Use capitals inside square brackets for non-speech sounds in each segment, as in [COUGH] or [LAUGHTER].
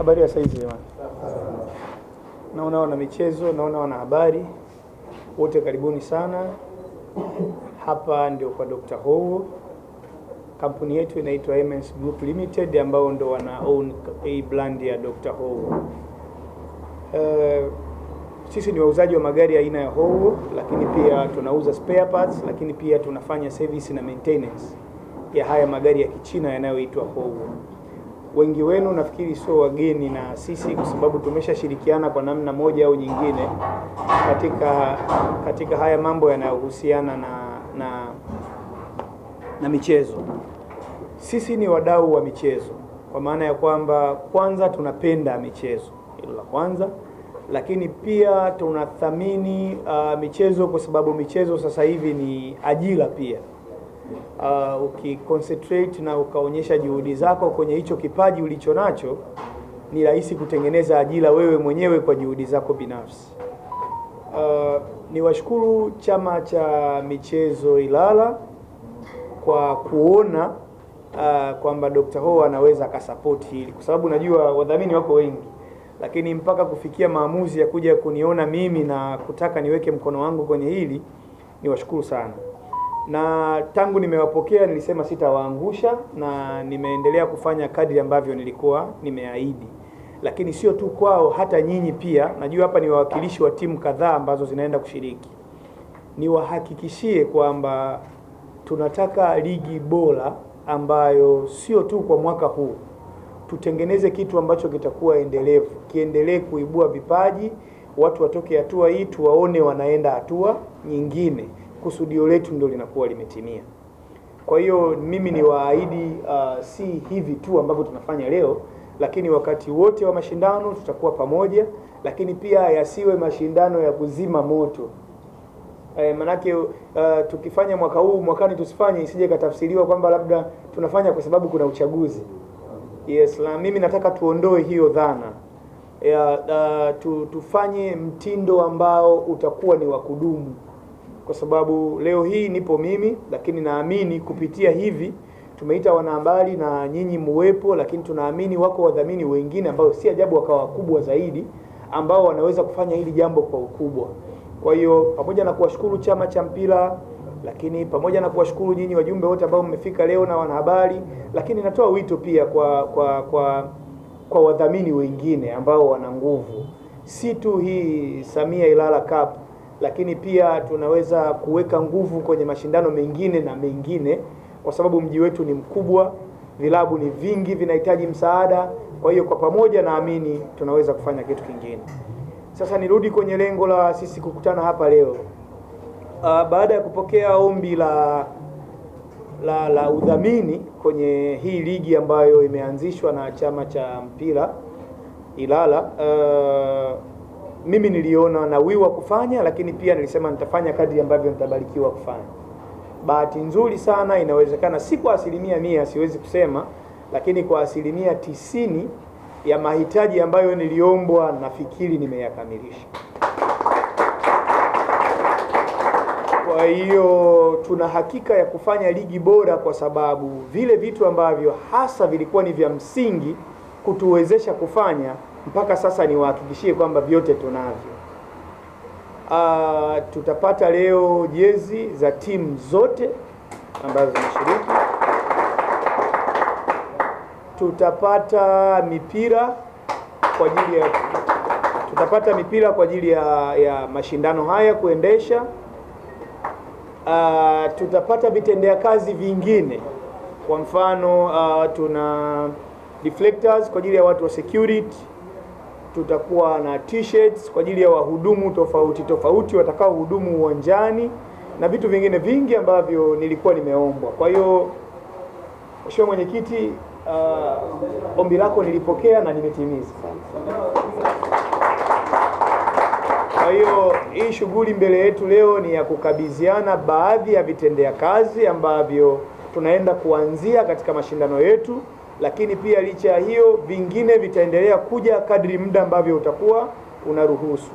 Habari ya saizi jamani, naona wana michezo, naona wana habari wote, karibuni sana hapa. Ndio kwa Dr. Howo, kampuni yetu inaitwa MS Group Limited, ambao ndo wana own a brand ya Dr. Howo. Uh, sisi ni wauzaji wa magari aina ya Howo, lakini pia tunauza spare parts, lakini pia tunafanya service na maintenance ya haya magari ya Kichina yanayoitwa Howo wengi wenu nafikiri sio wageni na sisi, kwa sababu tumeshashirikiana kwa namna moja au nyingine katika katika haya mambo yanayohusiana na, na, na michezo. Sisi ni wadau wa michezo kwa maana ya kwamba kwanza tunapenda michezo, hilo la kwanza, lakini pia tunathamini uh, michezo kwa sababu michezo sasa hivi ni ajira pia uh, ukiconcentrate na ukaonyesha juhudi zako kwenye hicho kipaji ulicho nacho, ni rahisi kutengeneza ajira wewe mwenyewe kwa juhudi zako binafsi. Uh, niwashukuru Chama cha Michezo Ilala kwa kuona uh, kwamba Dr. Ho anaweza akasapoti hili, kwa sababu najua wadhamini wako wengi, lakini mpaka kufikia maamuzi ya kuja kuniona mimi na kutaka niweke mkono wangu kwenye hili, niwashukuru sana na tangu nimewapokea nilisema sitawaangusha, na nimeendelea kufanya kadri ambavyo nilikuwa nimeahidi. Lakini sio tu kwao, hata nyinyi pia, najua hapa ni wawakilishi wa timu kadhaa ambazo zinaenda kushiriki. Niwahakikishie kwamba tunataka ligi bora ambayo sio tu kwa mwaka huu, tutengeneze kitu ambacho kitakuwa endelevu, kiendelee kuibua vipaji, watu watoke hatua hii tuwaone wanaenda hatua nyingine kusudio letu ndio linakuwa limetimia. Kwa hiyo mimi ni waahidi uh, si hivi tu ambavyo tunafanya leo, lakini wakati wote wa mashindano tutakuwa pamoja, lakini pia yasiwe mashindano ya kuzima moto. E, manake uh, tukifanya mwaka huu mwakani tusifanye, isije katafsiriwa kwamba labda tunafanya kwa sababu kuna uchaguzi. Yes, la, mimi nataka tuondoe hiyo dhana ya, uh, tu, tufanye mtindo ambao utakuwa ni wa kudumu kwa sababu leo hii nipo mimi, lakini naamini kupitia hivi tumeita wanahabari na nyinyi muwepo, lakini tunaamini wako wadhamini wengine ambao si ajabu wakawa wakubwa zaidi, ambao wanaweza kufanya hili jambo kwa ukubwa. Kwa hiyo pamoja na kuwashukuru chama cha mpira, lakini pamoja na kuwashukuru nyinyi wajumbe wote ambao mmefika leo na wanahabari, lakini natoa wito pia kwa kwa kwa kwa wadhamini wengine ambao wana nguvu, si tu hii Samia Ilala Cup lakini pia tunaweza kuweka nguvu kwenye mashindano mengine na mengine, kwa sababu mji wetu ni mkubwa, vilabu ni vingi, vinahitaji msaada. Kwa hiyo kwa pamoja, naamini tunaweza kufanya kitu kingine. Sasa nirudi kwenye lengo la sisi kukutana hapa leo. Uh, baada ya kupokea ombi la la la udhamini kwenye hii ligi ambayo imeanzishwa na chama cha mpira Ilala uh, mimi niliona nawiwa kufanya, lakini pia nilisema nitafanya kadri ambavyo nitabarikiwa kufanya. Bahati nzuri sana, inawezekana si kwa asilimia mia, siwezi kusema, lakini kwa asilimia tisini ya mahitaji ambayo niliombwa nafikiri nimeyakamilisha. Kwa hiyo tuna hakika ya kufanya ligi bora, kwa sababu vile vitu ambavyo hasa vilikuwa ni vya msingi kutuwezesha kufanya mpaka sasa niwahakikishie kwamba vyote tunavyo. Uh, tutapata leo jezi za timu zote ambazo zimeshiriki Tutapata mipira kwa ajili ya tutapata mipira kwa ajili ya, ya mashindano haya kuendesha. Uh, tutapata vitendea kazi vingine, kwa mfano uh, tuna deflectors kwa ajili ya watu wa security tutakuwa na t-shirts kwa ajili ya wahudumu tofauti tofauti watakao hudumu uwanjani na vitu vingine vingi ambavyo nilikuwa nimeombwa. Kwa hiyo Mheshimiwa Mwenyekiti, uh, ombi lako nilipokea na nimetimiza. Kwa hiyo hii shughuli mbele yetu leo ni ya kukabidhiana baadhi ya vitendea kazi ambavyo tunaenda kuanzia katika mashindano yetu lakini pia licha ya hiyo vingine vitaendelea kuja kadri muda ambavyo utakuwa unaruhusu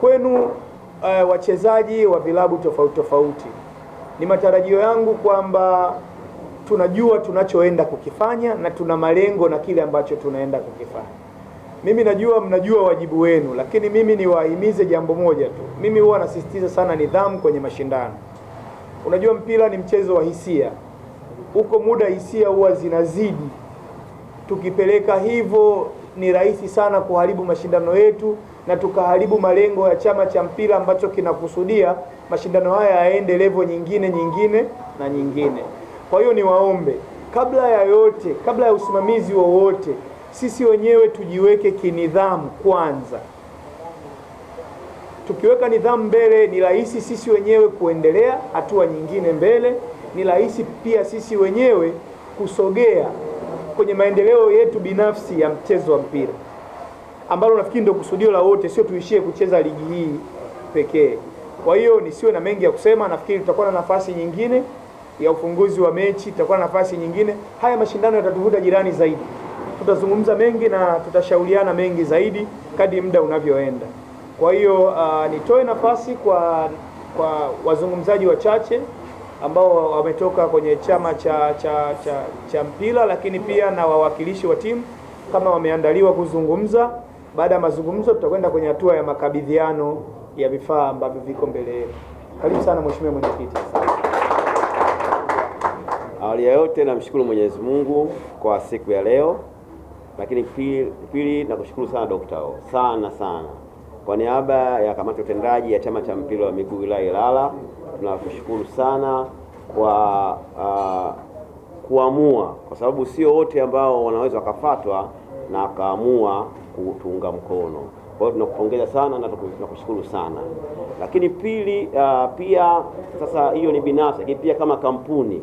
kwenu. Uh, wachezaji wa vilabu tofauti tofauti, ni matarajio yangu kwamba tunajua tunachoenda kukifanya na tuna malengo na kile ambacho tunaenda kukifanya. Mimi najua mnajua wajibu wenu, lakini mimi niwahimize jambo moja tu. Mimi huwa nasisitiza sana nidhamu kwenye mashindano. Unajua mpira ni mchezo wa hisia huko muda hisia huwa zinazidi. Tukipeleka hivyo ni rahisi sana kuharibu mashindano yetu na tukaharibu malengo ya chama cha mpira ambacho kinakusudia mashindano haya yaende levo nyingine nyingine na nyingine. Kwa hiyo niwaombe, kabla ya yote, kabla ya usimamizi wowote, sisi wenyewe tujiweke kinidhamu kwanza. Tukiweka nidhamu mbele, ni rahisi sisi wenyewe kuendelea hatua nyingine mbele ni rahisi pia sisi wenyewe kusogea kwenye maendeleo yetu binafsi ya mchezo wa mpira, ambalo nafikiri ndio kusudio la wote, sio tuishie kucheza ligi hii pekee. Kwa hiyo nisiwe na mengi ya kusema, nafikiri tutakuwa na nafasi nyingine ya ufunguzi wa mechi, tutakuwa na nafasi nyingine. Haya mashindano yatatuvuta jirani zaidi, tutazungumza mengi na tutashauriana mengi zaidi kadri muda unavyoenda. Kwa hiyo uh, nitoe nafasi kwa kwa wazungumzaji wachache ambao wametoka kwenye chama cha, cha, cha, cha mpira lakini pia na wawakilishi wa timu kama wameandaliwa kuzungumza. Baada ya mazungumzo, tutakwenda kwenye hatua ya makabidhiano ya vifaa ambavyo viko mbele yetu. Karibu sana mheshimiwa mwenyekiti. Awali ya yote namshukuru Mwenyezi Mungu kwa siku ya leo, lakini pili nakushukuru sana Dokta O sana sana kwa niaba ya kamati utendaji ya chama cha mpira wa miguu wilaya Ilala tunakushukuru sana kwa uh, kuamua, kwa sababu sio wote ambao wanaweza wakafatwa na akaamua kutunga mkono. Kwa hiyo tunakupongeza sana na tunakushukuru sana. Lakini pili, uh, pia sasa hiyo ni binafsi, lakini pia kama kampuni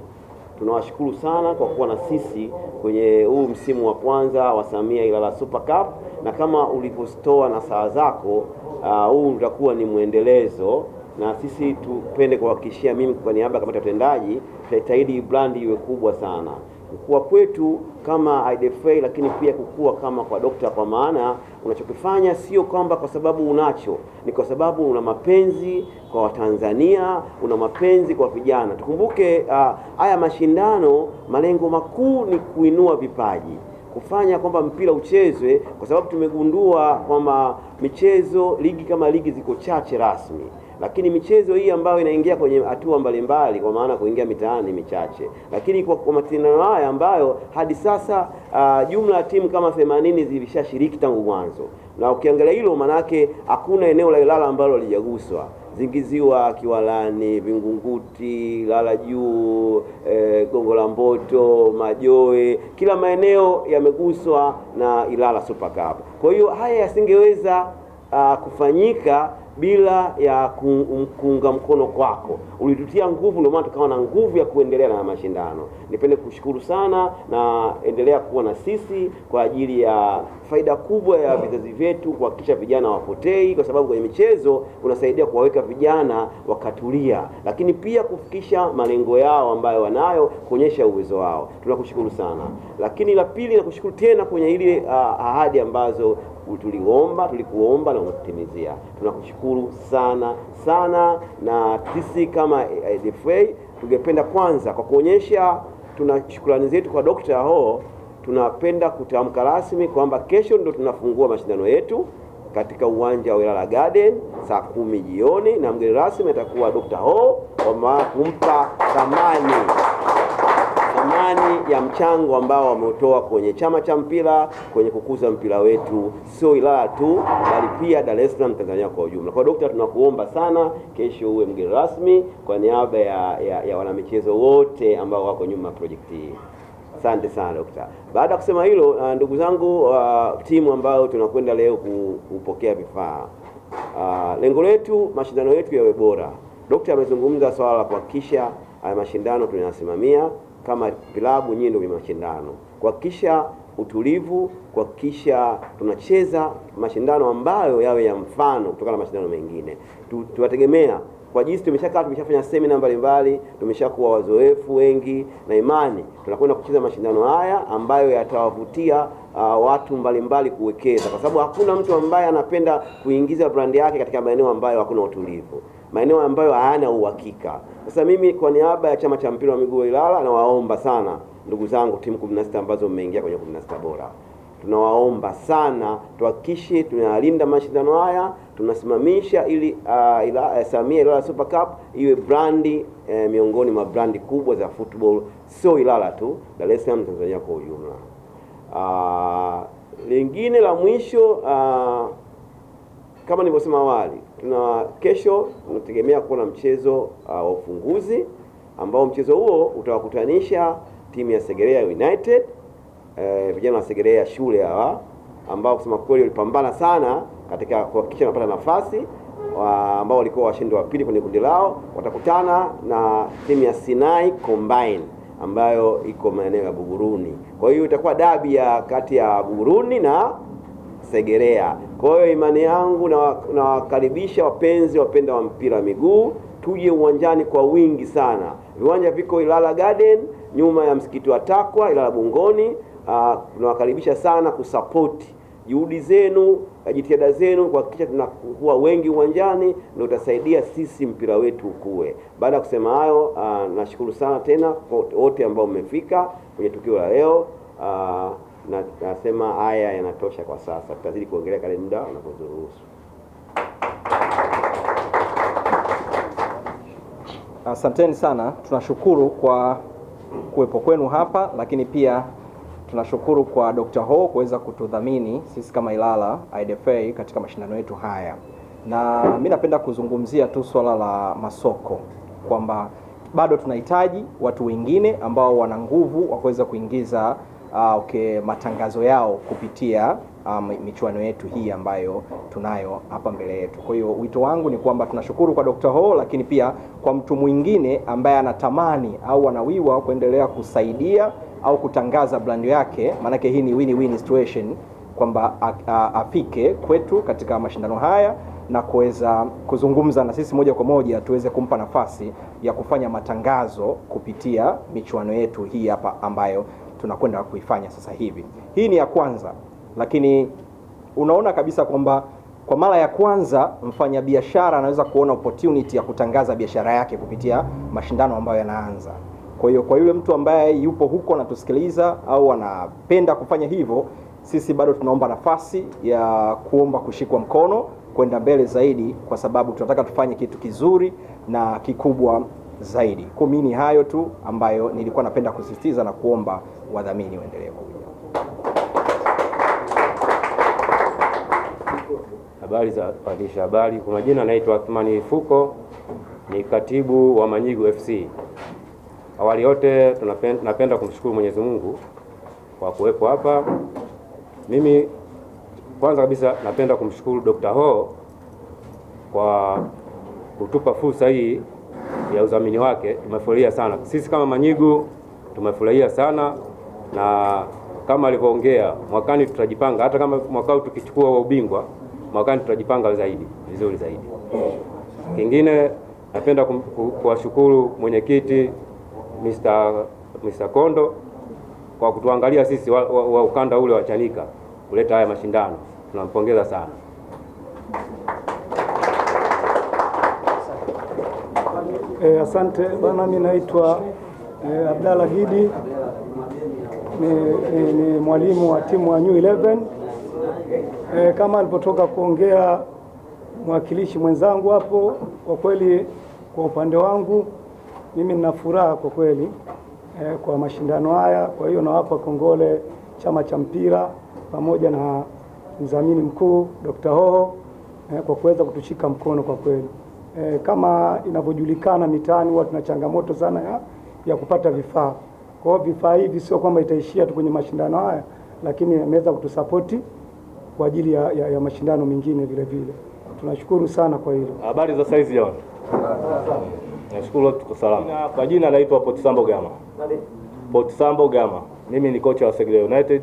tunawashukuru sana kwa kuwa na sisi kwenye huu msimu wa kwanza wa Samia Ilala Super Cup, na kama ulivyostoa na saa zako, ah, huu uh, utakuwa ni mwendelezo na sisi tupende kuhakikishia, mimi kwa niaba ya kamati ya utendaji, tutahitaji brandi iwe kubwa sana kukua kwetu kama IDFA, lakini pia kukua kama kwa dokta, kwa maana unachokifanya sio kwamba kwa sababu unacho, ni kwa sababu una mapenzi kwa Watanzania, una mapenzi kwa vijana. Tukumbuke uh, haya mashindano malengo makuu ni kuinua vipaji kufanya kwamba mpira uchezwe, kwa sababu tumegundua kwamba michezo ligi kama ligi ziko chache rasmi lakini michezo hii ambayo inaingia kwenye hatua mbalimbali, kwa maana kuingia mitaani, michache. Lakini kwa, kwa mashindano haya ambayo hadi sasa uh, jumla ya timu kama 80 zilishashiriki tangu mwanzo, na ukiangalia hilo manake hakuna eneo la Ilala ambalo lijaguswa Zingiziwa, Kiwalani, Vingunguti, Lala Juu, e, Gongo la Mboto, Majoe, kila maeneo yameguswa na Ilala Super Cup. Kwa hiyo haya yasingeweza ah, kufanyika bila ya um, kuunga mkono kwako, ulitutia nguvu, ndio maana tukawa na nguvu ya kuendelea na mashindano. Nipende kushukuru sana na endelea kuwa na sisi kwa ajili ya faida kubwa ya vizazi vyetu, kuhakikisha vijana wapotei, kwa sababu kwenye michezo unasaidia kuwaweka vijana wakatulia, lakini pia kufikisha malengo yao ambayo wanayo, kuonyesha uwezo wao. Tunakushukuru sana, lakini la pili nakushukuru tena kwenye ile uh, ahadi ambazo tuliomba, tulikuomba na umetimizia. Tunakushukuru sana sana, na sisi kama DFA tungependa kwanza kwa kuonyesha tuna shukrani zetu kwa Dr. Ho, tunapenda kutamka rasmi kwamba kesho ndo tunafungua mashindano yetu katika uwanja wa Ilala Garden saa kumi jioni, na mgeni rasmi atakuwa Dr. Ho kwa kumpa thamani thamani ya mchango ambao wameutoa kwenye chama cha mpira, kwenye kukuza mpira wetu, sio Ilala tu, bali pia Dar es Salaam, Tanzania kwa ujumla. Kwa Dokta, tunakuomba sana, kesho uwe mgeni rasmi kwa niaba ya, ya, ya wanamichezo wote ambao wako nyuma ya projekti hii. Asante sana Dokta. Baada ya kusema hilo, uh, ndugu zangu, uh, timu ambayo tunakwenda leo kupokea vifaa uh, lengo letu mashindano yetu yawe bora. Dokta amezungumza swala la kuhakikisha haya mashindano tunayasimamia kama vilabu, nyinyi ndio mashindano, kuhakikisha utulivu, kuhakikisha tunacheza mashindano ambayo yawe ya mfano kutokana na mashindano mengine tuwategemea kwa jinsi tumeshakaa, tumeshafanya semina mbalimbali, tumeshakuwa wazoefu wengi, na imani tunakwenda kucheza mashindano haya ambayo yatawavutia uh, watu mbalimbali kuwekeza, kwa sababu hakuna mtu ambaye anapenda kuingiza brandi yake katika maeneo ambayo hakuna utulivu maeneo ambayo hayana uhakika. Sasa mimi kwa niaba ya chama cha mpira wa miguu Ilala nawaomba sana ndugu zangu, timu 16 ambazo mmeingia kwenye 16 bora, tunawaomba sana tuhakikishe tunalinda mashindano haya, tunasimamisha ili uh, ila, uh, Samia Ilala Super Cup iwe brandi uh, miongoni mwa brandi kubwa za football, sio Ilala tu, Dar es Salaam, Tanzania kwa ujumla. Uh, lingine la mwisho uh, kama nilivyosema awali, tuna kesho tunategemea kuwa na mchezo uh, wa uh, ufunguzi ambao mchezo huo utawakutanisha timu ya Segerea United eh, vijana wa Segerea shule hawa ambao kusema kweli walipambana sana katika kuhakikisha wanapata nafasi wa, uh, ambao walikuwa washindi wa pili kwenye kundi lao, watakutana na timu ya Sinai Combine ambayo iko maeneo ya Buguruni. Kwa hiyo itakuwa dabi ya kati ya Buguruni na Segerea. Kwa hiyo imani yangu nawakaribisha na wapenzi wapenda wa mpira wa miguu tuje uwanjani kwa wingi sana. Viwanja viko Ilala Garden nyuma ya msikiti wa Takwa Ilala Bungoni. Uh, sana kusapoti juhudi zenu, eh, jitihada zenu kuhakikisha tunakuwa wengi uwanjani, na utasaidia sisi mpira wetu ukue. Baada ya kusema hayo, uh, nashukuru sana tena kwa wote ambao mmefika kwenye tukio la leo uh, na nasema haya yanatosha kwa sasa, tutazidi kuongelea kale muda unapoturuhusu. Asanteni sana, tunashukuru kwa kuwepo kwenu hapa, lakini pia tunashukuru kwa Dr. Ho kuweza kutudhamini sisi kama Ilala IDFA katika mashindano yetu haya, na mi napenda kuzungumzia tu swala la masoko kwamba bado tunahitaji watu wengine ambao wana nguvu wa kuweza kuingiza uh, okay, matangazo yao kupitia um, michuano yetu hii ambayo tunayo hapa mbele yetu. Kwa hiyo wito wangu ni kwamba tunashukuru kwa Dr. Ho, lakini pia kwa mtu mwingine ambaye anatamani au anawiwa kuendelea kusaidia au kutangaza brand yake, maanake hii ni win-win situation kwamba afike kwetu katika mashindano haya na kuweza kuzungumza na sisi moja kwa moja tuweze kumpa nafasi ya kufanya matangazo kupitia michuano yetu hii hapa ambayo tunakwenda kuifanya sasa hivi. Hii ni ya kwanza, lakini unaona kabisa kwamba kwa mara ya kwanza mfanyabiashara anaweza kuona opportunity ya kutangaza biashara yake kupitia mashindano ambayo yanaanza. Kwa hiyo kwa yule mtu ambaye yupo huko anatusikiliza au anapenda kufanya hivyo, sisi bado tunaomba nafasi ya kuomba kushikwa mkono kwenda mbele zaidi, kwa sababu tunataka tufanye kitu kizuri na kikubwa zaidi. kumini ni hayo tu ambayo nilikuwa napenda kusisitiza na kuomba wadhamini waendelee kuja. Habari za waandishi habari, kwa majina naitwa Athmani Fuko, ni katibu wa Manyigu FC. Awali yote tunapenda, napenda kumshukuru Mwenyezi Mungu kwa kuwepo hapa. Mimi kwanza kabisa napenda kumshukuru Dr. Ho kwa kutupa fursa hii ya udhamini wake tumefurahia sana. Sisi kama Manyigu tumefurahia sana, na kama alivyoongea, mwakani tutajipanga. Hata kama mwaka huu tukichukua ubingwa, mwakani tutajipanga zaidi vizuri zaidi. Kingine napenda kuwashukuru mwenyekiti Mr. Mr. Kondo kwa kutuangalia sisi wa, wa, wa ukanda ule wa Chanika kuleta haya mashindano, tunampongeza sana. E, asante bana, mimi naitwa e, Abdalla Gidi ni, ni, ni mwalimu wa timu ya New 11. E, eh, kama alipotoka kuongea mwakilishi mwenzangu hapo, kwa kweli kwa upande wangu mimi nina furaha kwa kweli e, kwa mashindano haya. Kwa hiyo nawapa kongole chama cha mpira pamoja na mdhamini mkuu Dr. Hoho e, kwa kuweza kutushika mkono kwa kweli. E, kama inavyojulikana mitaani huwa tuna changamoto sana ya, ya kupata vifaa. Kwa hiyo vifaa hivi sio kwamba itaishia tu kwenye mashindano haya, lakini ameweza kutusapoti kwa ajili ya, ya, ya mashindano mengine vile vile. Tunashukuru sana kwa hilo. Habari za saizi jamani? Nashukuru tuko salama. Kwa jina naitwa Potisambo Gama. Potisambo Gama. Mimi ni kocha wa Segerea United.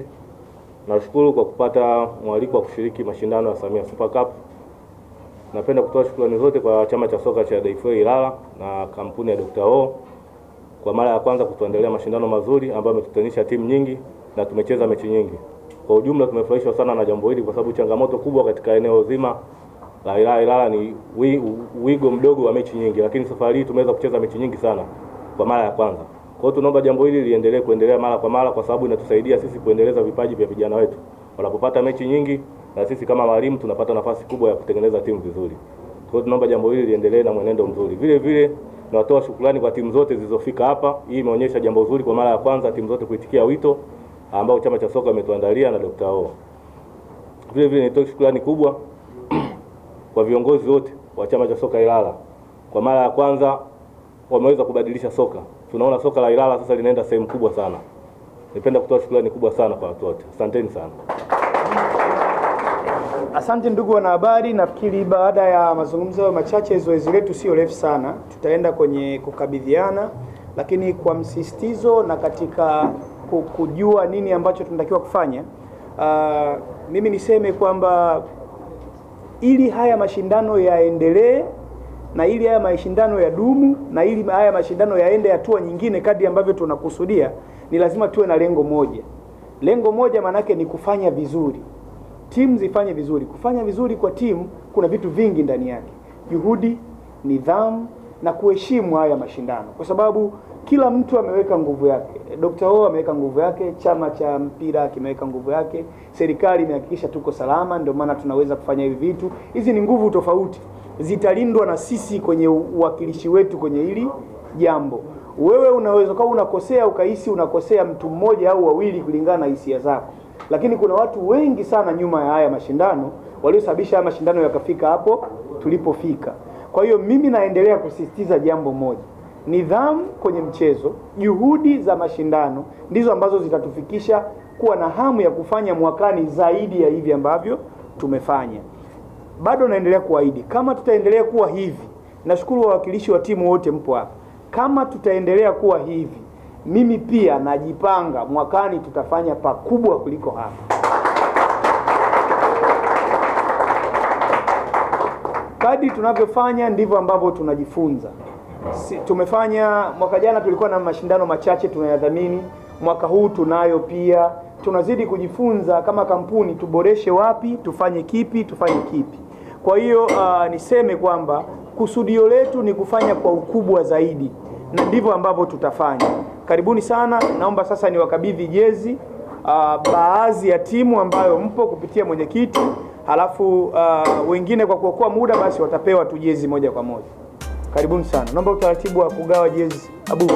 Nashukuru kwa kupata mwaliko wa kushiriki mashindano ya Samia Super Cup Napenda kutoa shukrani zote kwa chama cha soka cha Daifa Ilala na kampuni ya Dr. O kwa mara ya kwanza kutuandalia mashindano mazuri ambayo ametutanisha timu nyingi na tumecheza mechi nyingi. Kwa ujumla tumefurahishwa sana na jambo hili kwa sababu changamoto kubwa katika eneo zima la Ilala Ilala ni wigo mdogo wa mechi nyingi, lakini safari hii tumeweza kucheza mechi nyingi sana kwa mara ya kwanza. Kwa hiyo tunaomba jambo hili liendelee kuendelea mara kwa mara, kwa sababu inatusaidia sisi kuendeleza vipaji vya vijana wetu wanapopata mechi nyingi na sisi kama walimu tunapata nafasi kubwa ya kutengeneza timu vizuri. Kwa hiyo tunaomba jambo hili liendelee na mwenendo mzuri. Vile vile tunatoa shukrani kwa timu zote zilizofika hapa. Hii imeonyesha jambo zuri kwa mara ya kwanza timu zote kuitikia wito ambao chama cha soka ametuandalia na Dr. O. Vile vile nitoa shukrani kubwa [CLEARS THROAT] kwa viongozi wote wa chama cha soka Ilala. Kwa mara ya kwanza wameweza kubadilisha soka. Tunaona soka la Ilala sasa linaenda sehemu kubwa sana. Nipenda kutoa shukrani kubwa sana kwa watu wote. Asanteni sana. Asante ndugu wanahabari, nafikiri baada ya mazungumzo hayo machache, zoezi letu sio refu sana, tutaenda kwenye kukabidhiana, lakini kwa msisitizo na katika kujua nini ambacho tunatakiwa kufanya. Uh, mimi niseme kwamba ili haya mashindano yaendelee na ili haya mashindano ya dumu na ili haya mashindano yaende hatua nyingine kadri ambavyo tunakusudia, ni lazima tuwe na lengo moja. Lengo moja maanake ni kufanya vizuri timu zifanye vizuri. Kufanya vizuri kwa timu kuna vitu vingi ndani yake: juhudi, nidhamu na kuheshimu haya mashindano, kwa sababu kila mtu ameweka nguvu yake. Dr. O ameweka nguvu yake, chama cha mpira kimeweka nguvu yake, serikali imehakikisha tuko salama, ndio maana tunaweza kufanya hivi vitu. Hizi ni nguvu tofauti, zitalindwa na sisi kwenye uwakilishi wetu kwenye hili jambo. Wewe unaweza ukawa unakosea ukahisi unakosea mtu mmoja au wawili kulingana na hisia zako lakini kuna watu wengi sana nyuma ya haya mashindano waliosababisha haya mashindano yakafika hapo tulipofika. Kwa hiyo mimi naendelea kusisitiza jambo moja, nidhamu kwenye mchezo, juhudi za mashindano ndizo ambazo zitatufikisha kuwa na hamu ya kufanya mwakani zaidi ya hivi ambavyo tumefanya. Bado naendelea kuahidi kama tutaendelea kuwa hivi, nashukuru wawakilishi wa timu wote mpo hapa, kama tutaendelea kuwa hivi mimi pia najipanga, mwakani tutafanya pakubwa kuliko hapa. kadi tunavyofanya ndivyo ambavyo tunajifunza. Si, tumefanya mwaka jana tulikuwa na mashindano machache tunayadhamini, mwaka huu tunayo pia. Tunazidi kujifunza kama kampuni, tuboreshe wapi, tufanye kipi, tufanye kipi. Kwa hiyo uh, niseme kwamba kusudio letu ni kufanya kwa ukubwa zaidi na ndivyo ambavyo tutafanya. Karibuni sana, naomba sasa niwakabidhi jezi uh, baadhi ya timu ambayo mpo kupitia mwenyekiti, halafu uh, wengine kwa kuokoa muda basi watapewa tu jezi moja kwa moja. Karibuni sana, naomba utaratibu wa kugawa jezi Abu.